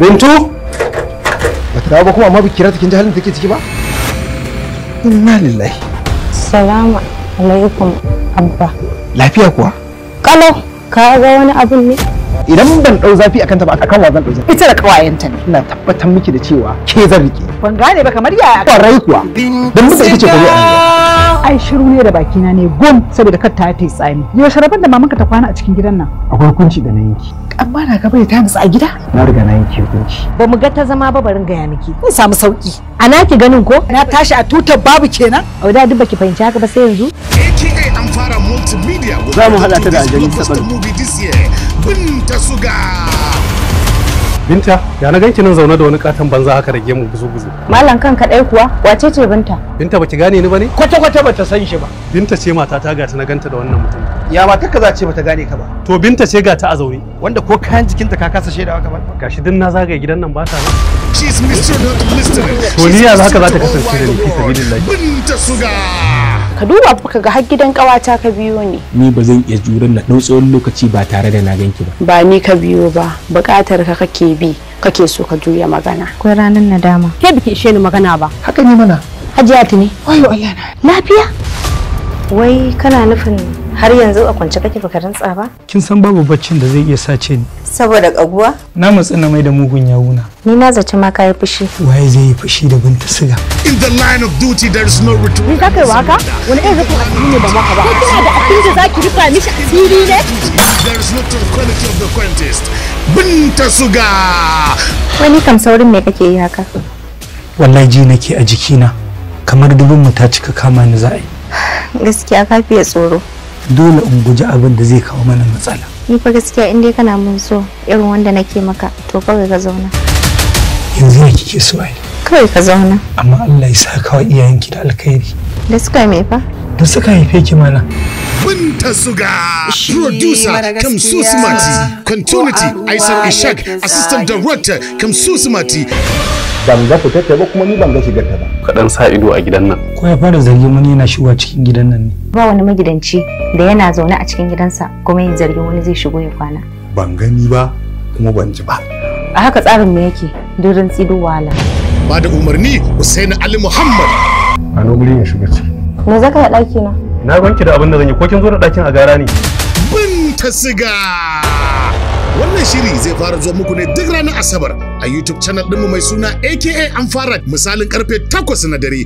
bintu ba ta dawo ba kuma amma biki kira ta kin ji halin da take ciki ba inna lillahi salamu alaikum abba lafiya kuwa Kalo. ka ga wani abun ne idan ban dau zafi akan ta ba akan wa zan dau zafi ita da kawayenta ne ina tabbatar miki da cewa ke zan rike ban gane ba kamar yaya rai kuwa dan mutum ita ce kwarai ai shiru ne da bakina ne gon saboda kar ta ta tsami yo sharaban da mamanka ta kwana a cikin gidan nan akwai kunci da na yanki amma na gaba ta musu a gida na riga na yanke kunci ba mu ga ta zama ba barin gaya miki zai samu sauki a naki ganin ko na tashi a tutar babu kenan a da duk baki fahimci haka ba sai yanzu AKA an za mu hada ta da aljanu sabar suga Binta, ya na ganki nan zaune da wani katon banza haka da gemu buzu-buzu. Malam kan kaɗai kuwa, wace ce Binta? Binta baki gane ni bane? Kwata-kwata bata san shi ba. Binta ce mata ta ga ta na ganta da wannan mutum. ya ma taka za ce bata gane ka ba to binta ce ga ta a zaune wanda ko kayan jikinta ka kasa ka kamar gashi din na zagaye gidan nan ba ta nan to ni ya haka za ta kasance da ni fi sabilillahi binta suga ka duba ka ga har gidan kawata ka biyo ni ni ba zan iya jurin na dau tsawon lokaci ba tare da na ganki ba ba ni ka biyo ba bukatar ka kake bi kake so ka juya magana akwai ranar nadama ke biki ishe ni magana ba haka ni mana hajiya ne wayo Allah na lafiya wai kana nufin har yanzu a kwance kake fakarin tsaba? kin san babu baccin da zai iya sace ni saboda kaguwa na matsi na mai da mugun yawuna ni na zaci ma kai fushi waye zai yi fushi da binta siga in the line of duty there is no return ni kake waka wani irin zaka asiri ne ba maka ba kuma da abin da zaki rufa mishi asiri ne there is no tranquility of the contest binta suga wani kam saurin me kake yi haka wallahi ji nake a jikina kamar dubin mu ta cika kama ni za'a yi gaskiya ka fiye tsoro dole in guji abin da zai kawo mana matsala ni fa gaskiya in dai kana mun so irin wanda nake maka to kawai ka zauna yanzu ne kike so ai kawai ka zauna amma Allah ya sa wa iyayenki da alkhairi da suka mai fa da suka haife ki mana Binta Suga, producer Kamsu Sumati, continuity Aisar Ishak, assistant director Kamsu Sumati. Ban ga fitar ta ba kuma ni ban ga shigar ta ba. ka sa ido a gidan nan ko ya fara zargin wani yana shigowa cikin gidan nan ne ba wani magidanci da yana zaune a cikin gidansa kuma yin zargin wani zai shigo ya kwana ban gani ba kuma ban ji ba a haka tsarin mu yake durin tsido wala ba da umarni Hussein Ali Muhammad a no ya shiga ciki me zaka ya daki na na ganki da abin da zan yi ko kin zo da dakin a gara ne ta siga Wannan shiri zai fara zuwa muku ne duk ranar Asabar a YouTube channel ɗinmu mai suna AKA an fara misalin karfe 8 na dare.